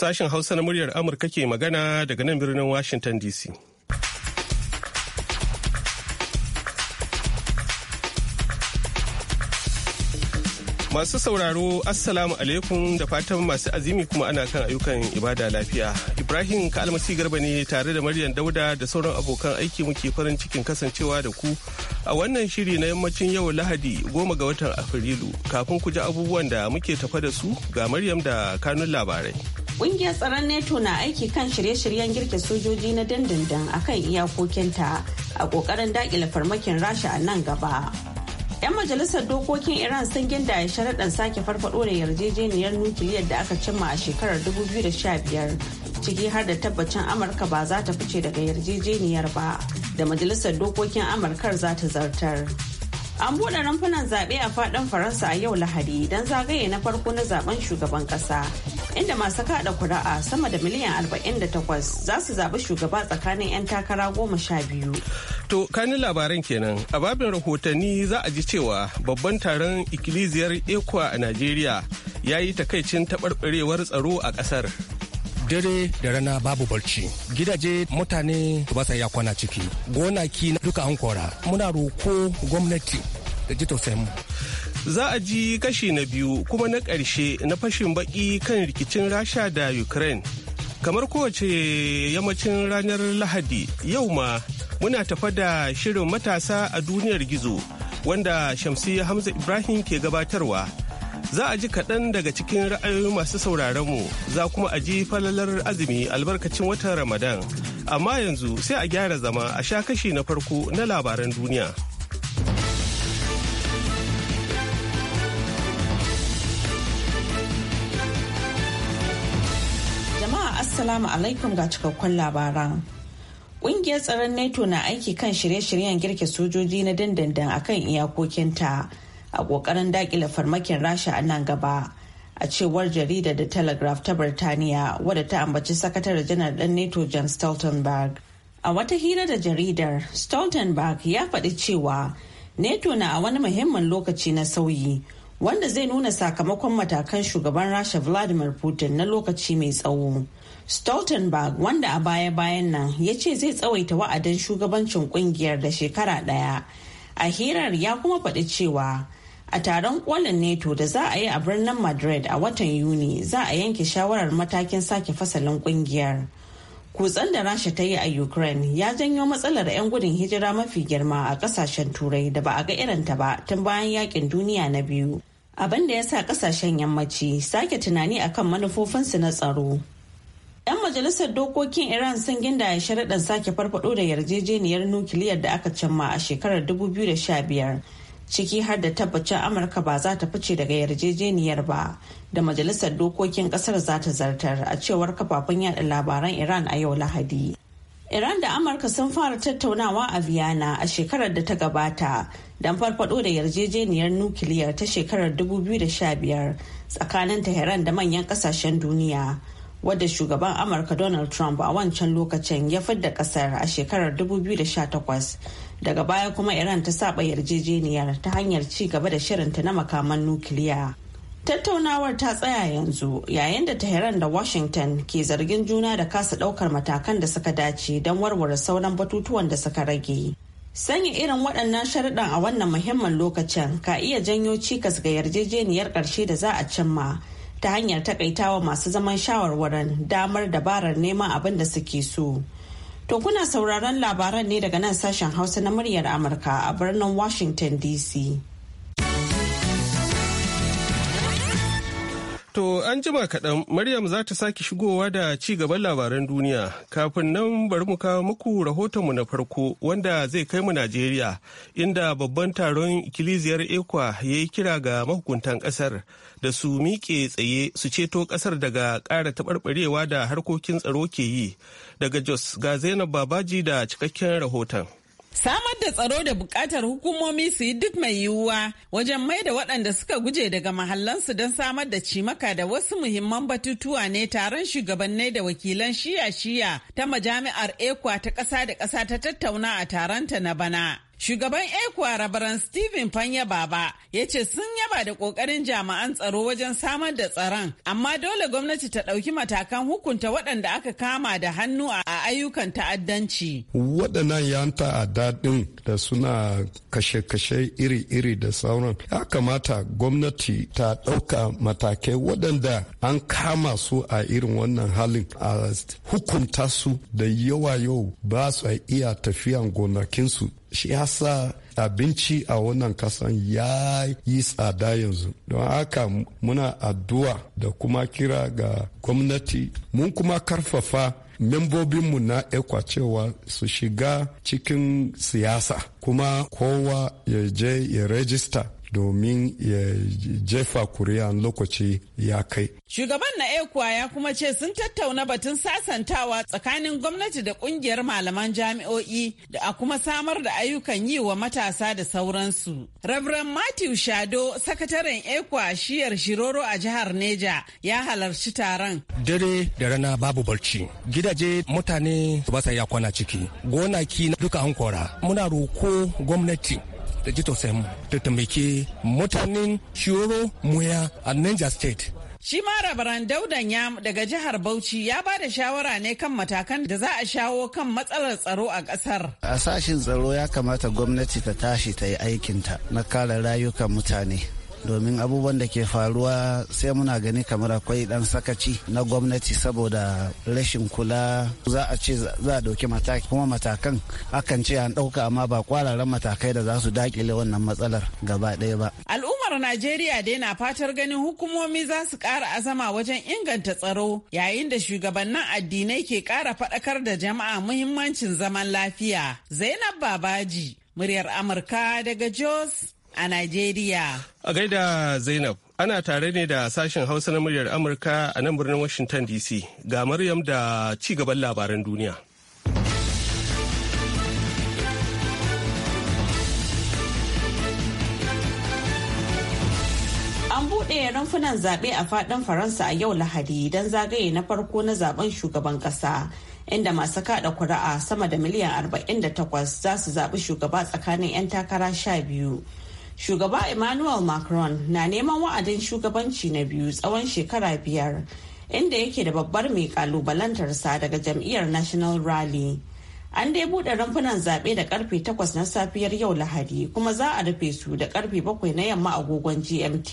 Sashen Hausa na muryar Amurka ke magana daga nan birnin Washington DC. Masu sauraro, Assalamu alaikum da fatan masu azimi kuma ana kan ayyukan ibada lafiya. Ibrahim Kalmasi Garba ne tare da Maryam Dauda da sauran abokan aiki muke farin cikin kasancewa da ku a wannan shiri na yammacin yau Lahadi goma ga watan Afrilu. Kafin ku ji abubuwan da muke tafa da su ga Maryam da kanun labarai. Kungiyar tsaron NATO na aiki kan shirye-shiryen girke sojoji na dandandan akan iyakokinta a kokarin dakile farmakin Rasha a nan gaba. 'Yan majalisar dokokin Iran sun ginda ya sharaɗin sake farfaɗo da yarjejeniyar nukiliyar da aka cimma a shekarar 2015 ciki har da tabbacin Amurka ba za ta fice daga yarjejeniyar ba da majalisar dokokin Amurkar za ta zartar. An buɗe rumfunan zaɓe a faɗin Faransa a yau Lahadi don zagaye na farko na zaben shugaban ƙasa inda masu kada kuri'a sama da miliyan 48 za su zaɓi shugaba tsakanin 'yan takara goma sha biyu. To, kani labaran kenan, a babin rahotanni za a ji cewa babban taron ikkiliziyar ekwa a Najeriya ya yi takaicin taɓarɓarewar tsaro a ƙasar. dare da rana babu barci gidaje mutane ba sa kwana ciki gonaki duka an kora muna roko gwamnati da ji tausayin mu za a ji kashi na biyu kuma na ƙarshe na fashin baki kan rikicin rasha da ukraine kamar kowace yammacin ranar lahadi yau ma muna tafa da shirin matasa a duniyar gizo wanda shamsi hamza ibrahim ke gabatarwa za a ji kaɗan daga cikin ra'ayoyi masu mu za kuma a ji falalar azumi albarkacin watan ramadan amma yanzu sai a gyara zama a sha kashi na farko na labaran duniya. Assalamu alaikum ga cikakkun labaran. Ƙungiyar tsaron NATO na aiki kan shirye-shiryen girke sojoji na dandandan a kan iyakokinta a ƙoƙarin daƙile farmakin Rasha a nan gaba. A cewar jarida da Telegraph ta Birtaniya wadda ta ambaci sakatare janar ɗan NATO John Stoltenberg. A wata hira da jaridar, Stoltenberg ya faɗi cewa NATO na a wani muhimmin lokaci na sauyi wanda zai nuna sakamakon matakan shugaban Rasha Vladimir Putin na lokaci mai tsawo. Stoltenberg wanda a baya-bayan nan ya ce zai tsawaita wa'adin shugabancin kungiyar da shekara ɗaya. A hirar ya kuma faɗi cewa a taron kolin NATO da za a yi a birnin Madrid a watan Yuni za a yanke shawarar matakin sake fasalin kungiyar. Kutsan da Rasha ta yi a Ukraine ya janyo matsalar 'yan gudun hijira mafi girma a kasashen turai da ba a ga irinta ba tun bayan yakin duniya na biyu. Abin da ya sa kasashen yammaci sake tunani akan manufofinsu na tsaro. 'Yan majalisar dokokin Iran sun ginda ya sharaɗin sake farfado da yarjejeniyar nukiliyar da aka cimma a shekarar 2015 ciki har da tabbacin Amurka ba za ta fice daga yarjejeniyar ba da majalisar dokokin ƙasar za ta zartar a cewar kafafen yada labaran Iran a yau Lahadi. Iran da Amurka sun fara tattaunawa a Vienna a shekarar da ta gabata don farfado da yarjejeniyar nukiliyar ta shekarar 2015 tsakanin Tehran da manyan ƙasashen duniya. wadda shugaban amurka donald trump a wancan lokacin ya fidda kasar a shekarar 2018 daga baya kuma iran ta saba yarjejeniyar ta hanyar ci gaba da shirinta na makaman nukiliya tattaunawar ta tsaya yanzu yayin da tehran da washington ke zargin juna da kasa daukar matakan da suka dace don warware sauran batutuwan da suka rage sanya irin waɗannan sharuɗan a wannan muhimmin lokacin ka iya janyo cikas ga yarjejeniyar ƙarshe da za a cimma ta hanyar takaitawa masu zaman shawarwaran damar dabarar neman abin da suke so. To kuna sauraron labaran ne daga nan sashen Hausa na muryar Amurka a birnin Washington DC. To an jima kaɗan Maryam za ta sake shigowa da ci gaban labaran duniya kafin nan bari mu kawo muku mu na farko wanda zai kai mu Najeriya inda babban taron ikkilisiyar ekwa ya yi kira ga mahukuntan ƙasar da su miƙe tsaye su ceto ƙasar daga ƙara taɓarɓarewa da harkokin tsaro ke yi daga Jos ga Zainab Babaji da cikakken rahoton. Samar da tsaro da bukatar hukumomi su yi duk mai yiwuwa wajen mai da waɗanda suka guje daga mahallansu don samar da cimaka da wasu muhimman batutuwa ne taron shugabannai da wakilan shiya-shiya ta majami'ar ekwa ta ƙasa da ƙasa ta tattauna a taronta na bana. Shugaban ECWA Rabaran Stephen Fanya Baba ya ce sun yaba da kokarin jami'an tsaro wajen samar da tsaron, amma dole gwamnati ta ɗauki matakan hukunta waɗanda aka kama da hannu a ayyukan ta'addanci. Waɗannan 'yanta a daɗin da suna kashe-kashe iri-iri da sauran, ya kamata gwamnati ta ɗauka matakai waɗanda an kama su a irin wannan halin a hukunta su da yawa yau ba su iya tafiyan gonakinsu shi abinci a wannan kasan ya yi tsada yanzu don haka muna addu'a da kuma kira ga gwamnati mun kuma karfafa membobinmu na ekwa cewa su shiga cikin siyasa kuma kowa ya je ya rajista domin ya jefa kuri'a lokaci ya kai. Shugaban na ekuwa ya kuma ce sun tattauna batun sasantawa tsakanin gwamnati da kungiyar malaman jami'o'i da a kuma samar da ayyukan yi wa matasa da sauransu. Rabran Matthew Shado, sakataren ekuwa shiyar Shiroro a jihar Neja ya halarci taron. Dare da rana babu barci. Gidaje mutane ba sa ya kwana ciki. Gonaki duka hankora. Muna roko gwamnati ta ji tausayin mu ta taimake mutanen shioro muya a niger state Shi ma rabaran daudan ya daga jihar Bauchi ya ba da shawara ne kan matakan da za a shawo kan matsalar tsaro a ƙasar. A sashin tsaro ya kamata gwamnati ta tashi ta yi aikinta na kare rayukan mutane. domin abubuwan da ke faruwa sai muna gani kamar akwai dan sakaci na gwamnati saboda rashin kula za a ce za a ɗauki mataki kuma matakan akan ce an ɗauka amma ba kwararan matakai da za su dakile wannan matsalar gaba ɗaya ba. Al'ummar Najeriya dai na fatar ganin hukumomi za su ƙara azama wajen inganta tsaro yayin da shugabannin addinai ke ƙara faɗakar da jama'a muhimmancin zaman lafiya. Zainab Babaji, muryar Amurka daga Jos a Najeriya. A gaida Zainab, ana tare ne da sashen Hausa na muryar Amurka a nan birnin Washington DC ga Maryam da ci gaban labaran duniya. An buɗe rumfunan zaɓe a faɗin Faransa a yau Lahadi don zagaye na farko na zaben shugaban ƙasa. inda masu kaɗa kuri'a sama da miliyan 48 za su zaɓi shugaba tsakanin 'yan takara sha shugaba emmanuel macron na neman wa'adin shugabanci na biyu tsawon shekara biyar inda yake da babbar mai kalubalantarsa daga jam'iyyar national rally an dai buɗe rumfunan zaɓe da karfe 8 na safiyar yau lahadi kuma za a rufe su da karfe 7 na yamma agogon gmt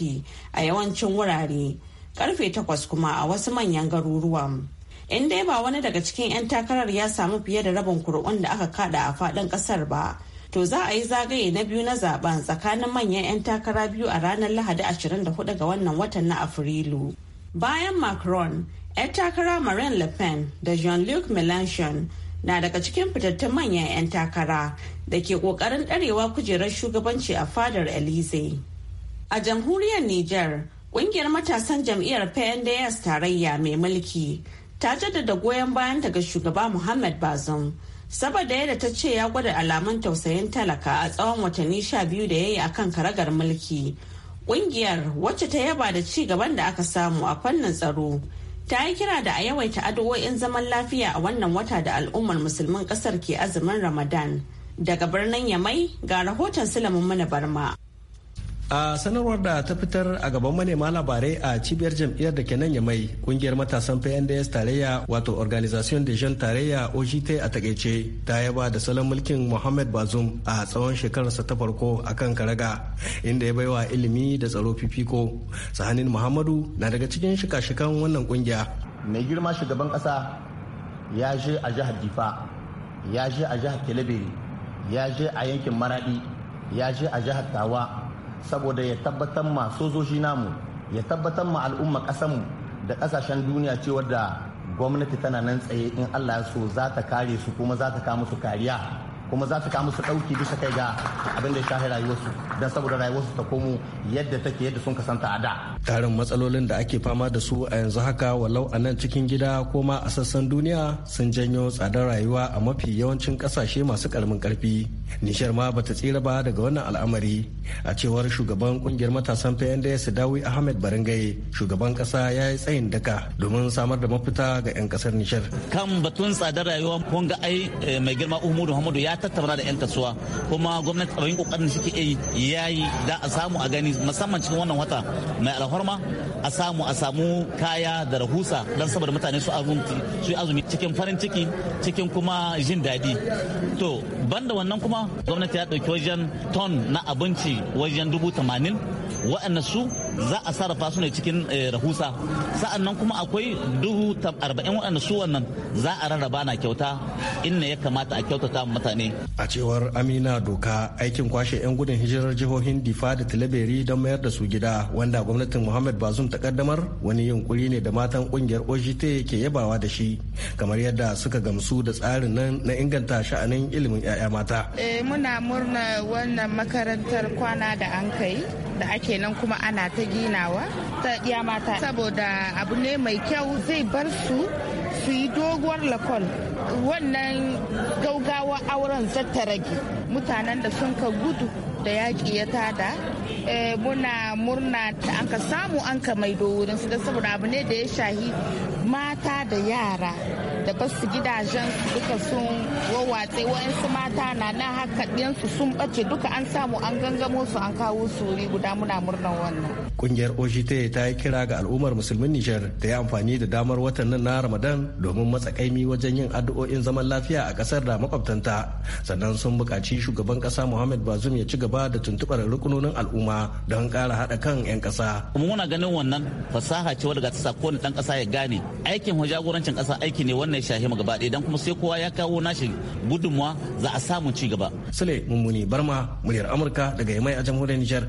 a yawancin wurare karfe 8 kuma a wasu manyan garuruwan in dai ba wani daga cikin 'yan takarar ya samu fiye da rabin kuri'un da aka kada a faɗin ƙasar ba to za a yi zagaye na biyu na zaben tsakanin manyan 'yan takara biyu a ranar lahadi 24 ga wannan watan na afrilu bayan macron 'yan takara marine le pen da jean-luc melanchon na daga cikin fitattun manyan 'yan takara da ke kokarin ɗarewa kujerar shugabanci a fadar elise a jamhuriyar niger ƙungiyar matasan jam'iyyar pnds tarayya mai mulki ta jaddada goyon bayan daga shugaba muhammad bazum saboda yadda ta ce ya gwada alamun tausayin talaka a tsawon watanni sha biyu da ya yi a kan karagar mulki kungiyar wacce ta yaba da ci gaban da aka samu a fannin tsaro ta yi kira da a yawaita addu'o'in zaman lafiya a wannan wata da al'ummar musulmin kasar ke azumin ramadan daga birnin yamai ga rahoton sulamin mana barma a sanarwar da ta fitar a gaban manema labarai a cibiyar jam'iyyar da ke nan ya mai kungiyar matasan pnds tarayya wato organisation de jeunes tarayya ogt a takaice ta yaba da salon mulkin muhammad bazum a tsawon shekararsa ta farko a kan karaga inda ya baiwa ilimi da tsaro fifiko sahanin muhammadu na daga cikin shika-shikan wannan kungiya mai girma shugaban kasa ya je a jihar difa ya je a jihar kelebiri ya je a yankin maradi ya je a jihar tawa saboda ya tabbatar ma sojoji namu ya tabbatar ma al'umma ƙasanmu da ƙasashen duniya cewar da gwamnati tana nan tsaye in allah ya so za ta kare su kuma za ta kawo musu kariya kuma za su kawo musu ɗauki bisa kai ga abin da ya shafi rayuwarsu don saboda rayuwarsu ta komo yadda take yadda sun kasanta a da. Tarin matsalolin da ake fama da su a yanzu haka walau a nan cikin gida ko ma a sassan duniya sun janyo tsadar rayuwa a mafi yawancin kasashe masu ƙaramin ƙarfi. Nishar ma bata tsira ba daga wannan al'amari a cewar shugaban kungiyar matasan PNDS Dawi Ahmed Barangay shugaban ƙasa ya yi tsayin daka domin samar da mafita ga 'yan ƙasar Nishar. Kan batun tsadar rayuwa kun ga ai eh, mai girma Umudu Muhammadu ya tattauna da 'yan kasuwa kuma gwamnati abin kokarin suke yi yayi da a samu a gani musamman cikin wannan wata mai alhorma a samu a samu kaya da rahusa don saboda mutane su su azumi cikin farin ciki cikin kuma jin daɗi to banda wannan kuma gwamnati ya ɗauki wajen ton na abinci wajen dubu tamanin waɗanda su za a sarrafa su ne cikin eh, rahusa sa'an nan kuma akwai ta arba'in waɗanda su wannan za a rarraba na kyauta inda ya kamata a kyautata mutane a cewar amina doka aikin kwashe 'yan gudun hijirar jihohin difa da tilaberi don mayar da su gida wanda gwamnatin muhammad bazum ta kaddamar wani yunkuri ne da matan kungiyar ogt ke yabawa da shi kamar yadda suka gamsu da tsarin nan na inganta sha'anin ilimin 'ya'ya mata eh, muna murna wannan makarantar kwana da an kai da ake nan kuma ana ta ginawa ta iya mata saboda abu ne mai kyau zai bar su su yi doguwar lakol wannan gaugawa auren zata rage mutanen da sun ka gudu da yaƙi ya tada Eh, muna murna ta an ka samu an ka maido wurin su da saboda abu ne da ya shahi mata da yara da basu gidajen duka sun wawatse wa'yansu mata na nan haka ɗiyansu sun ɓace duka an samu an gangamo su an kawo su wuri guda muna murnan wannan. Kungiyar OGT ta yi kira ga al'ummar musulmin Nijar da ya amfani da damar watan nan na Ramadan domin matsakaimi wajen yin addu'o'in zaman lafiya a kasar da makwabtanta sannan sun buƙaci shugaban ƙasa Muhammad Bazum ya ci gaba da tuntuɓar rukunonin al'umma don kara haɗa kan 'yan ƙasa. muna ganin wannan fasaha ce wadda ta sa kowane ɗan ƙasa ya gane aikin jagorancin ƙasa aiki ne wannan shahi gaba ɗaya don kuma sai kowa ya kawo nashi gudunmuwa za a samu ci gaba. sule mummuni barma muryar amurka daga yamai a jamhuriyar nijar.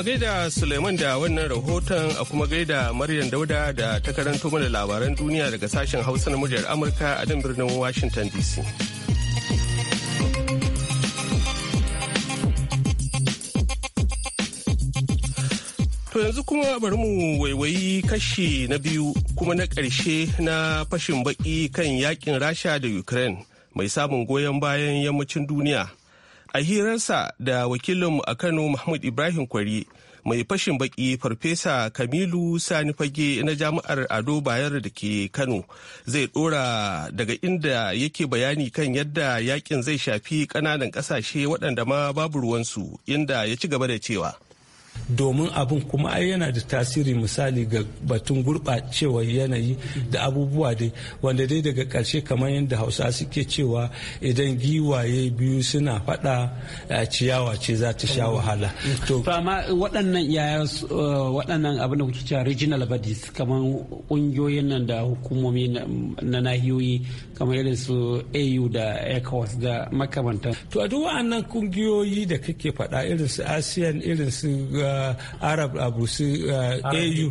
a gaida Suleiman da wannan rahoton a kuma gaida Maryam Dauda da ta karanto mana labaran duniya daga sashen Hausa na muryar Amurka a nan birnin Washington DC. To yanzu kuma bari mu waiwayi kashi na biyu kuma na ƙarshe na fashin baki kan yakin Rasha da Ukraine mai samun goyon bayan yammacin duniya. a hirarsa da wakilinmu a kano mahmud ibrahim kwari mai fashin baki farfesa kamilu sani fage na jami'ar ado bayar da ke kano zai dora daga inda yake bayani kan yadda yakin zai shafi kananan kasashe waɗanda ma babu ruwansu inda ya ci gaba da cewa domin abin kuma ai yana da tasiri misali ga batun gurɓacewar yanayi da abubuwa dai wanda dai daga ƙarshe kamar yadda hausa suke cewa idan giwaye biyu suna faɗa ciyawa ce za ta sha wahala to amma waɗannan yaya waɗannan abin da kuke cewa regional bodies kamar ƙungiyoyin nan da hukumomi na nahiyoyi kamar irin su au da ecowas da makamantan to a duk waɗannan ƙungiyoyi da kake faɗa irin su asean irin su Uh, arab abu uh, su au arab uh, au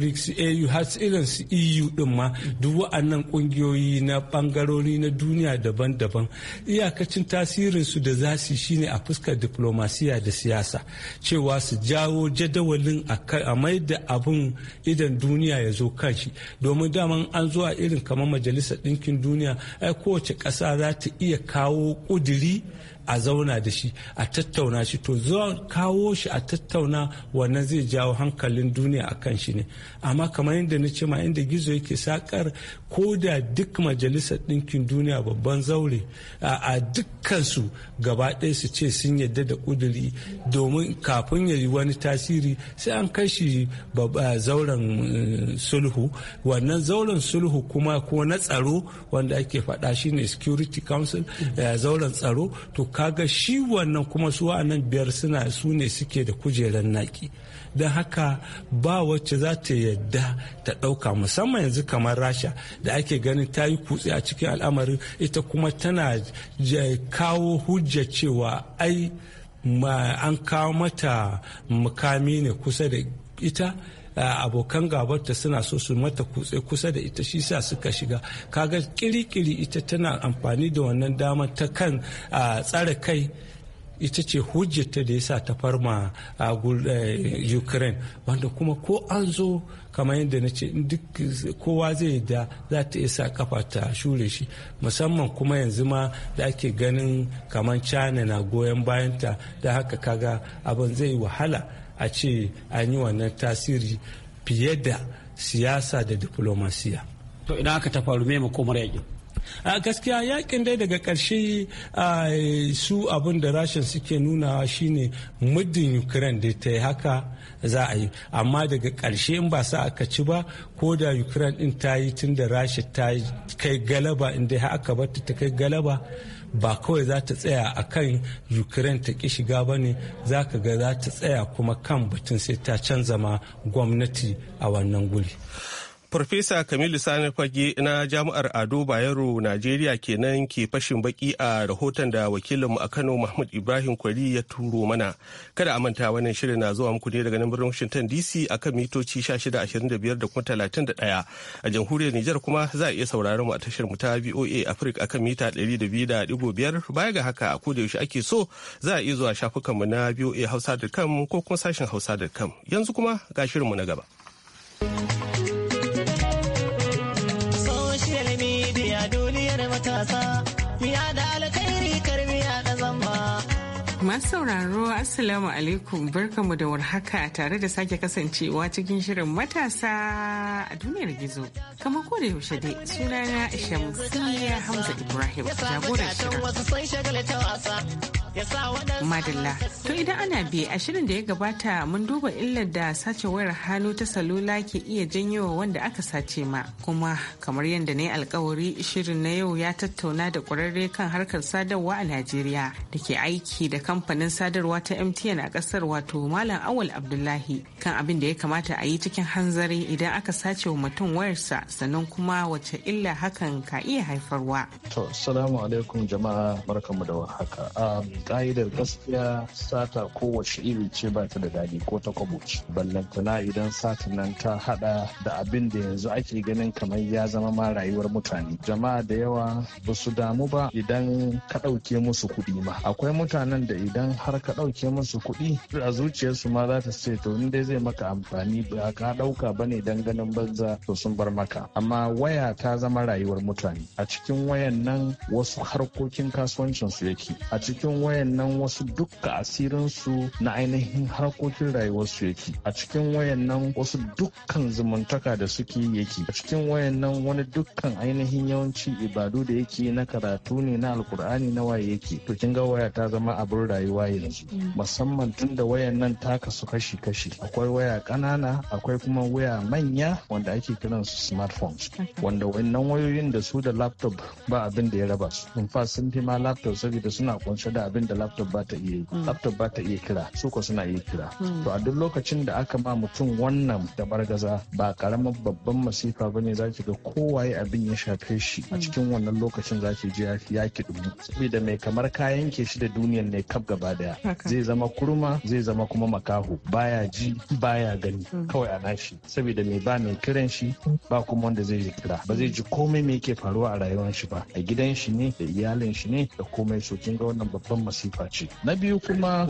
mm. har irin su eu din ma duk wa'annan kungiyoyi na bangarori na duniya daban-daban iyakacin tasirin su da za su shine a fuskar diplomasiya da siyasa cewa su jawo jadawalin a mai da abun idan duniya ya zo shi domin daman an zuwa irin kamar majalisar ɗinkin duniya ai kowace ƙasa za ta iya kawo ƙudiri a zauna da shi a tattauna shi to zuwa kawo shi a tattauna wannan zai jawo hankalin duniya a kan shi ne amma kamar yadda na ce ma inda gizo yake sakar ko da duk majalisar ɗinkin duniya babban zaure a dukkansu gaba ɗaya su ce sun yadda da ƙuduri domin kafin ya yi wani tasiri sai an kai shi zauren uh, sulhu wannan zauren sulhu kuma ko na tsaro wanda ake faɗa shine security council uh, zauren tsaro to kaga shi wannan kuma su wa'annan biyar suna su ne suke da kujerar naki don haka ba wacce za ta yadda ta ɗauka musamman yanzu kamar rasha da ake ganin ta yi kutse a cikin al'amarin ita kuma tana kawo hujja cewa ai an kawo mata mukami ne kusa da ita abokan gabarta suna so su mata kutse kusa da ita shi sa suka shiga kaga kirikiri ita tana amfani da wannan dama ta kan tsare kai ita ce hujjata da ya sa ta farma a eh, ukraine wanda kuma ko an zo kamar yadda na ce duk kowa zai da za ta isa kafa ta shure shi musamman kuma yanzu ma da ake ganin kamar china na goyon bayanta da haka kaga abin zai wahala a ce an yi wannan tasiri fiye da siyasa da diplomasiya to idan aka tafa faru makomar yakin a gaskiya yakin dai daga karshe su abin da rashin suke nunawa shine muddin ukraine da ta yi haka za a yi amma daga karshe in ba sa aka ci ba ko da ukraine din ta yi tun da rashin ta kai galaba inda aka ba ta kai galaba ba kawai za ta tsaya a kan ukraine ta ki shiga ba ne za ka ga za ta tsaya kuma kan batun sai ta canza ma gwamnati a wannan guri. Farfesa Kamilu Sani Fage na Jami'ar Ado Bayero Najeriya kenan ke fashin baki a rahoton da wakilinmu a Kano Mahmud Ibrahim Kwari ya turo mana. Kada a manta wannan shirin na zuwa muku ne daga nan birnin Washington DC kan mitoci 1625 da kuma 31. A jamhuriyar Nijar kuma za a iya sauraron mu a tashar mu ta VOA Africa akan mita 200.5 baya ga haka a koda yaushe ake so za a iya zuwa shafukanmu na Hausa.com ko kuma sashin hausa.com. Yanzu kuma ga shirinmu na gaba. matasa miya da alkhairi da zamba Masu Assalamu alaikum barkamu da warhaka tare da sake kasancewa cikin shirin matasa a duniyar gizo. Kamar ko da yaushe dai sunana Shamsiyya Hamza Ibrahim jagorar shirin. Madalla. To idan ana bi a shirin da ya gabata mun duba illar da sace wayar hannu ta salula ke iya janyowa wanda aka sace ma. Kuma kamar yadda na yi alkawari shirin na yau ya tattauna da kwararre kan harkar sadarwa a Najeriya da ke aiki da kamfanin sadarwa ta MTN a kasar wato Malam Awal Abdullahi kan abin da ya kamata a yi cikin hanzari idan aka sace wa mutum wayarsa sannan kuma wace illa hakan ka iya haifarwa. To, salamu alaikum jama'a barkanmu da warhaka. Um, ka'idar gaskiya sata kowace iri ce ba ta da dadi ko ta kwabo ce ballantana idan satin nan ta haɗa da abin da yanzu ake ganin kamar ya zama ma rayuwar mutane jama'a da yawa ba su damu ba idan ka ɗauke musu kuɗi ma akwai mutanen da idan har ka ɗauke musu kuɗi a zuciyarsu ma za ta ce to dai zai maka amfani ba ka ɗauka ba ne dan ganin banza to sun bar maka amma waya ta zama rayuwar mutane a cikin wayan nan wasu harkokin kasuwancinsu su yake a cikin wayannan wasu dukka su na ainihin harkokin rayuwarsu yake a cikin wayannan wasu dukkan zumuntaka da suke yake a cikin wayannan wani dukkan ainihin yawanci ibadu da yake na karatu ne na alkur'ani na waye yake to kin ga waya ta zama abin rayuwa yanzu mm. musamman tun da wayannan ta kasu kashi kashi akwai waya ƙanana akwai kuma waya manya wanda ake kiran su smartphones wanda wayannan wayoyin da su da laptop ba abin da ya raba su in fa sun fi ma laptop saboda suna kunshe da abin abin da laptop ba ta iya yi mm. laptop ba ta iya kira su ko suna iya kira mm. to a duk lokacin da aka ma mutum wannan da bargaza ba karamar babban masifa ba ne za ki ga kowaye abin ya shafe shi a mm. cikin wannan lokacin za ki ji ya ki dubu saboda mai kamar kayan ke shi da duniyar ne kaf gaba daya zai zama kurma zai zama kuma makaho baya ji baya gani kawai a nashi saboda mai ba mai kiran shi ba kuma wanda zai ji kira ba zai ji komai me yake faruwa a rayuwar shi ba a gidan shi ne da iyalin shi ne da komai so kin ga wannan babban masifa ce na biyu kuma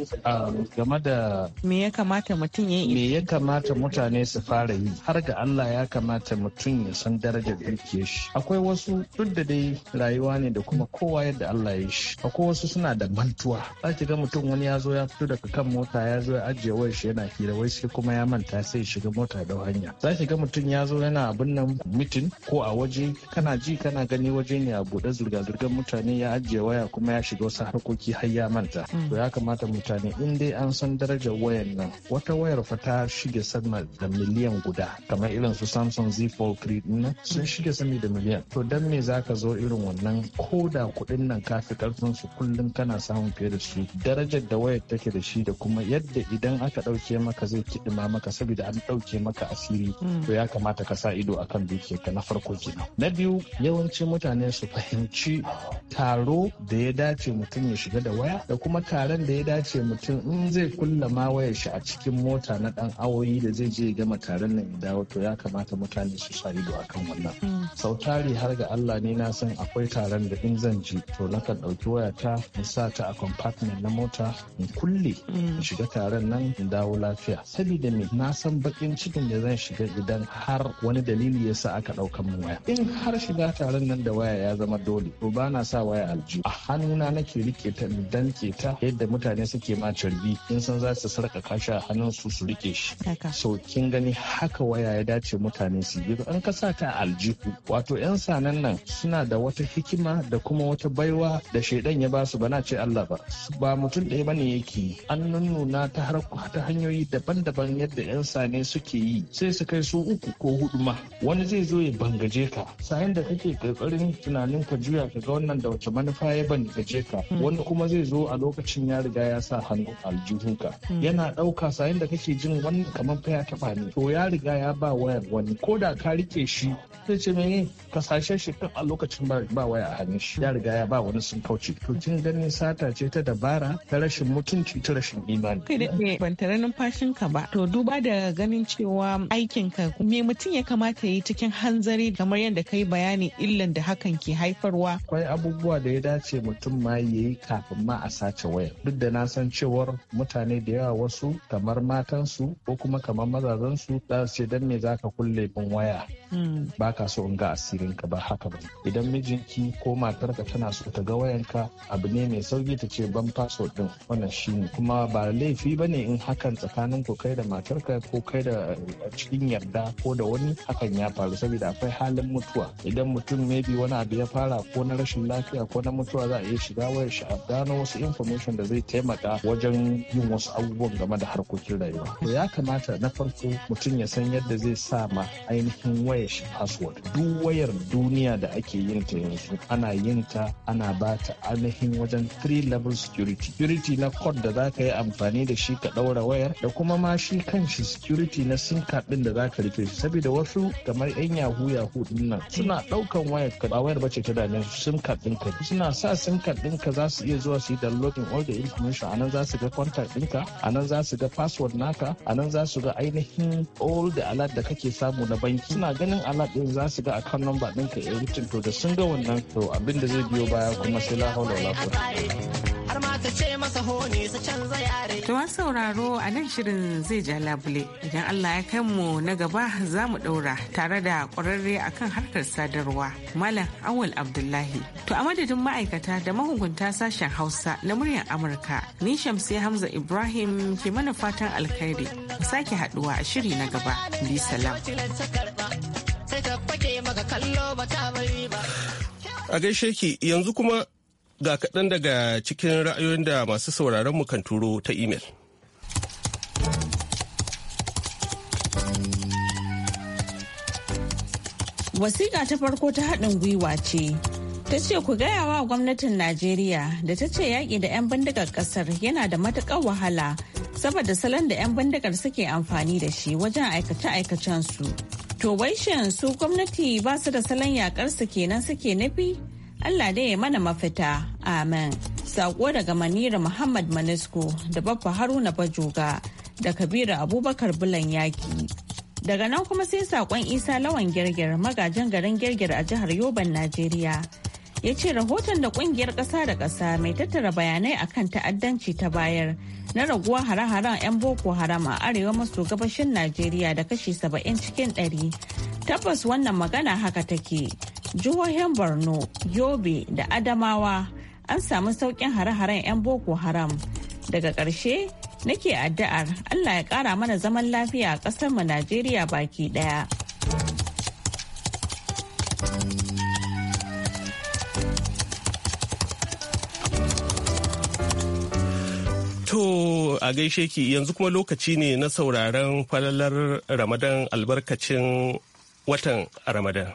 game da me ya kamata mutum ya me ya kamata mutane su fara yi har ga Allah ya kamata mutum ya san darajar dukiyar shi akwai wasu duk da dai rayuwa ne da kuma kowa yadda Allah ya shi akwai wasu suna da mantuwa za ki ga mutum wani ya zo ya fito daga kan mota ya zo ya ajiye wayar shi yana hira wai sai kuma ya manta sai shiga mota da hanya za ki ga mutum ya zo yana abin nan mitin ko a waje kana ji kana gani waje ne a buɗe zirga-zirgar mutane ya ajiye waya kuma ya shiga wasu harkoki har ya manta to ya kamata mutane in dai an san darajar wayar nan wata wayar fa ta shige sama da miliyan guda kamar irin su samsung z fold 3 din sun shige sami da miliyan to dan me zaka zo irin wannan ko da kuɗin nan ka fi karfin su kullum kana samun fiye da su darajar da wayar take da shi da kuma yadda idan aka ɗauke maka zai kiɗima maka saboda an ɗauke maka asiri hmm. to ya kamata ka sa ido akan ka na farko kenan na biyu yawancin mutane su fahimci taro da ya dace mutum ya shiga da waya da kuma taron da ya dace mutum in zai kulla ma wayar shi a cikin mota na dan awoyi da zai je gama taron nan dawo to ya kamata mutane su sa ido akan wannan sautari har ga Allah ne na san akwai taron da in zan ji to nakan ɗauki wayata in sa ta a compartment na mota in kulle mm. in shiga taron nan in dawo lafiya saboda me na san bakin cikin da zan shiga idan har wani dalili yasa aka ɗaukan mu waya in har shiga taron nan da waya ya zama dole to ba na sa waya aljihu a hannuna nake rike ta in danke ta yadda mutane suke ma carbi in san za su sarkaka shi a hannun su su rike shi so kin gani haka waya ya dace mutane su yi an kasa ta aljihu wato yan sanan nan suna da wata hikima da kuma wata baiwa da shaidan ya ba su bana ce Allah ba ba mutum ɗaya bane yake an nuna ta har ta hanyoyi daban-daban yadda yan sane suke yi sai su kai su uku ko hudu ma wani zai zo ya bangaje ka sayan da kake kokarin tunanin ka juya ka ga wannan da wace manufa ya bangaje ka hmm. wani kuma zai zai zo a lokacin ya riga ya sa hannu aljihunka hmm. yana ɗauka sayin da kake jin wannan kamar fa ya taɓa ne to ya riga ya ba wayar wani ko da ka rike shi zai ce me ka sashe shi kan a lokacin ba waya a hannun shi ya riga ya ba wani sun kauce to kin ganin sata ce ta dabara ta rashin mutunci ta rashin imani kai dai ban tare numfashin ka ba to duba da ganin cewa aikin ka me mutum ya kamata yi cikin hanzari kamar yadda kai bayani illan da hakan ke haifarwa akwai abubuwa da ya dace mutum ma yayi kafin amma ma a sace wayar duk da na san cewar mutane da yawa wasu kamar matansu ko kuma kamar mazazansu da ce dan me zaka kulle bin waya hmm. ba ka so in ga asirin ka ba haka ba idan mijinki ko matarka tana so ta ga wayanka abu ne mai sauki ta ce ban faso din wannan shine kuma ba laifi ba ne in hakan tsakanin ku kai da matarka ko kai da cikin yarda ko da wani hakan ya faru saboda akwai halin mutuwa idan mutum maybe wani abu ya fara ko na rashin lafiya ko na mutuwa za a iya shiga wayar shi gano wasu information da zai taimaka wajen yin wasu abubuwan game da harkokin rayuwa to ya kamata na farko mutum ya san yadda zai sa ma ainihin wayar shi password duk wayar duniya da ake yin ta yanzu ana yin ta ana ba ta ainihin wajen three level security security na code da za ka yi amfani da shi ka ɗaura wayar da kuma ma shi kanshi security na sim card din da za ka rufe shi saboda wasu kamar yan yahu yahu din nan suna ɗaukan wayar ka ba wayar bace ta dame su sim card ka. suna sa sim card ɗinka za su iya zuwa su yi downloading all the information anan za su ga contact ɗinka anan za su ga password naka anan za su ga ainihin all the alert da kake samu na banki suna ganin alert ɗin za su ga account number ɗinka ya to da sun ga wannan to abin da zai biyo baya kuma sai la haula wala har ma ce masa honi canza yare. To sauraro a nan shirin zai ja labule idan Allah ya kai mu na gaba za mu ɗaura tare da ƙwararre akan harkar sadarwa Malam Awul Abdullahi. To a madadin ma'aikata da mahukunta sashen Hausa na muryar Amurka ni Shamsi Hamza Ibrahim ke mana fatan alkhairi sake haɗuwa a shiri na gaba. Bi salam. A gaishe ki yanzu kuma ga kaɗan daga cikin ra'ayoyin da masu sauraron mu kan turo ta imel. Wasiƙa ta farko ta haɗin gwiwa ce. Ta ce ku gaya wa gwamnatin Najeriya da ta ce yaƙi da 'yan bindigar ƙasar yana da matuƙar wahala saboda salon da 'yan bindigar suke amfani da shi wajen aikace-aikacensu. To wai shi su gwamnati ba su da salon yaƙar su kenan suke nufi? Allah dai ya mana mafita. Amen. Sako daga Manira Muhammad Manisko da Baffa Haruna Bajoga da Kabiru Abubakar Bulan Yaki. Daga nan kuma sai sakon Isa Lawan Girgir magajin garin Girgir a jihar Yoban, Najeriya. Ya ce rahoton da kungiyar ƙasa da ƙasa mai tattara bayanai akan ta'addanci ta bayar na raguwa hare-haren 'yan Boko Haram a arewa maso gabashin Najeriya da kashi 70 cikin 100. Tabbas wannan magana haka take. jihohin borno yobe da adamawa an samu sauƙin hare-haren 'yan boko haram daga ƙarshe nake addu'ar allah ya ƙara mana zaman lafiya a ƙasar mu najeriya baki ɗaya To a gaishe ki yanzu kuma lokaci ne na sauraron falalar Ramadan albarkacin watan Ramadan.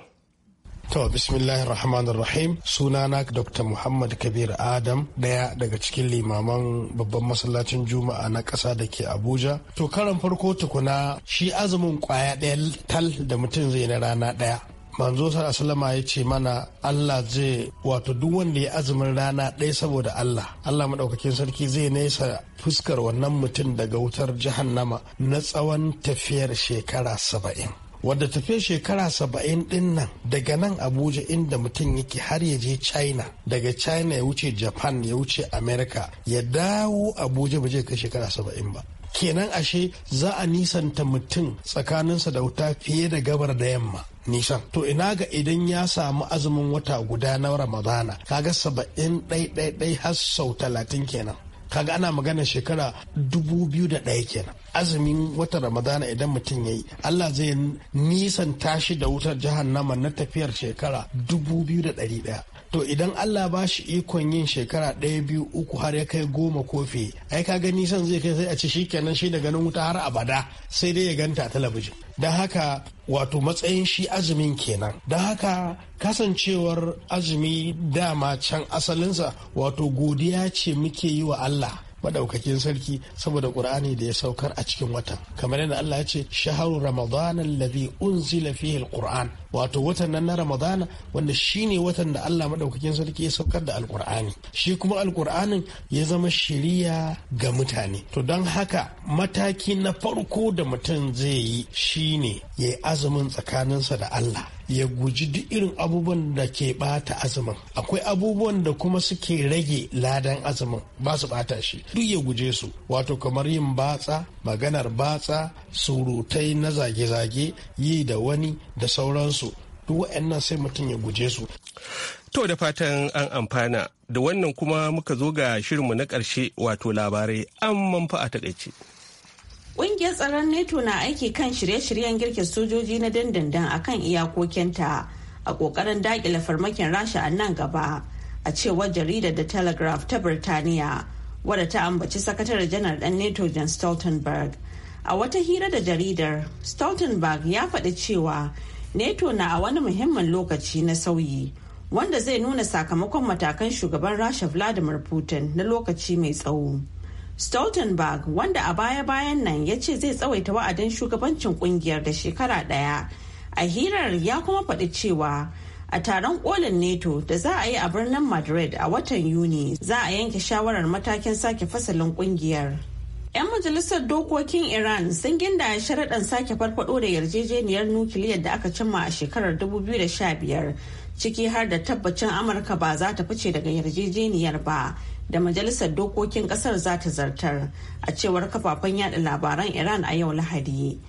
To bismillahir rahmanir rahim sunana Dr. Muhammad Kabir Adam ɗaya daga cikin limaman babban masallacin Juma'a na ƙasa da ke Abuja. To karan farko tukuna shi azumin kwaya ɗaya tal da mutum zai na rana ɗaya. Manzo sallama ya ce mana Allah zai wato duk wanda ya azumin rana ɗaya saboda Allah. Allah maɗaukakin sarki zai nesa fuskar wannan mutum daga wutar jahannama na tsawon tafiyar shekara saba'in. wadda tafiya shekara saba'in din nan daga nan abuja inda mutum yake har ya je china daga china ya wuce japan ya wuce america ya dawo abuja ba zai kai shekara saba'in ba kenan ashe za a nisanta mutum tsakaninsa da wuta fiye da gabar da yamma nisan to ina ga idan ya samu azumin wata guda na ramadana kaga saba'in ɗai ɗai har sau talatin kenan kaga ana magana shekara dubu biyu da ɗaya kenan azumin watan ramadana idan mutum ya yi allah zai nisan tashi da wutar jahannama na tafiyar shekara dubu biyu da ɗari ɗaya to idan allah ba shi ikon yin shekara ɗaya biyu uku har ya kai goma kofi ai kaga nisan zai kai sai a ci kenan shi da ganin wuta har abada sai dai ya ganta a talabijin don haka wato matsayin shi azumin kenan don haka kasancewar azumi dama can asalinsa wato godiya ce muke yi wa Allah madaukakin sarki saboda qur'ani da ya saukar a cikin watan kamar yadda Allah ya ce shaharu Ramadana alladhi unzila fihi alquran wato watan nan na ramadan wanda shine watan da Allah madaukakin sarki ya saukar da alqur'ani shi kuma alqur'anin ya zama shiriya ga mutane to don haka mataki na farko da mutum zai yi shine ya yi azumin tsakaninsa da Allah ya guji duk irin abubuwan da ke bata azumin akwai abubuwan da kuma suke rage ladan azumin ba su bata shi duk ya guje su wato kamar yin batsa maganar batsa surutai na zage-zage yi da wani da sauransu duk waɗannan sai mutum ya guje su to da fatan an amfana da wannan kuma muka zo ga shirinmu na ƙarshe wato labarai an manfa a taƙaice. Ƙungiyar tsaron NATO na aiki kan shirye-shiryen girke sojoji na dandandan a kan iyakokinta a ƙoƙarin daƙile farmakin rasha a nan gaba a cewar jaridar da Telegraph ta Birtaniya wadda ta ambaci sakatare janar ɗan NATO John Stoltenberg. A wata hira da jaridar, Stoltenberg ya faɗi cewa NATO na a wani muhimmin lokaci na sauyi wanda zai nuna sakamakon matakan shugaban rasha Vladimir Putin na lokaci mai tsawo. Stoltenberg wanda a baya-bayan nan ya ce zai tsawaita wa'adin shugabancin kungiyar da shekara daya A hirar ya kuma faɗi cewa a taron kolin NATO da za a yi a birnin Madrid a watan Yuni za a yanke shawarar matakin sake fasalin kungiyar. 'Yan majalisar dokokin Iran sun ginda sharaɗin sake farfado da yarjejeniyar nukiliyar da aka cimma a shekarar 2015 ciki har da tabbacin Amurka ba za ta fice daga yarjejeniyar ba. da majalisar dokokin kasar za ta zartar a cewar kafafen yada labaran iran a yau lahadi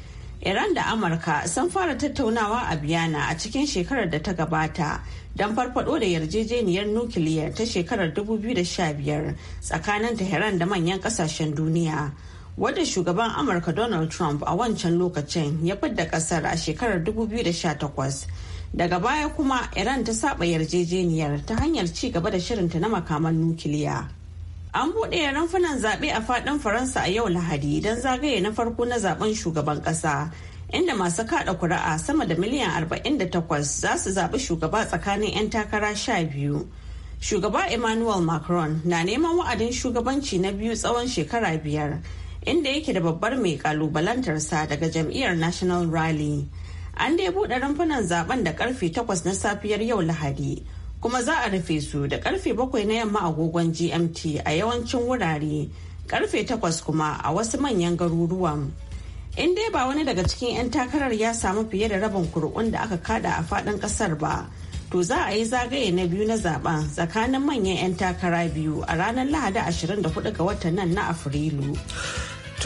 iran da amurka sun fara tattaunawa a biyana a cikin shekarar da ta gabata don farfado da yarjejeniyar nukiliya ta shekarar 2015 tsakanin tehran da manyan kasashen duniya wadda shugaban amurka donald trump a wancan lokacin ya fidda kasar a shekarar 2018 daga baya kuma iran ta saba yarjejeniyar ta hanyar ci gaba da shirinta na makaman nukiliya an buɗe rumfunan zaɓe a faɗin faransa a yau lahadi don zagaye na farko na zaben shugaban ƙasa inda masu kaɗa kuri'a sama da miliyan 48 za su zaɓi shugaba tsakanin 'yan takara 12 shugaba emmanuel macron na neman wa'adin shugabanci na biyu tsawon shekara biyar inda yake da babbar mai kalubalantarsa daga jam'iyyar national rally an dai buɗe rumfunan zaben da karfe 8 na safiyar yau lahadi kuma za a rufe su da karfe 7 na yamma agogon gmt a yawancin wurare karfe 8 kuma a wasu manyan garuruwan in dai ba wani daga cikin 'yan takarar ya samu fiye da rabin kur'un da aka kada a faɗin ƙasar ba to za a yi zagaye na biyu na zaben tsakanin manyan 'yan takara biyu a ranar lahadi 24 ga watan nan na afrilu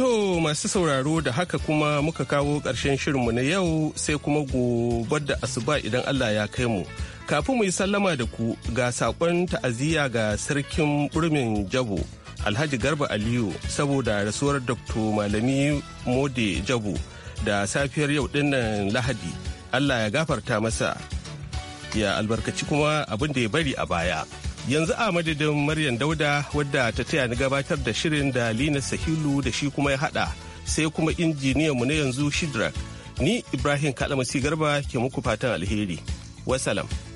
To masu sauraro da haka kuma muka kawo ƙarshen shirinmu na yau sai kuma gobe da asuba idan Allah ya kai mu. Kafin mu yi sallama da ku ga saƙon ta'aziyya ga sarkin burmin Jabo Alhaji Garba Aliyu saboda rasuwar Dr. Malami Mode Jabo da safiyar yau dinnan Lahadi. Allah ya gafarta masa ya albarkaci kuma abin da ya bari a baya. yanzu a madadin maryam dauda wadda ta taya ni gabatar da shirin da lina sahilu da shi kuma ya hada sai kuma injiniyan mu na yanzu shidrak ni ibrahim kalamasi garba ke muku fatan alheri wasalam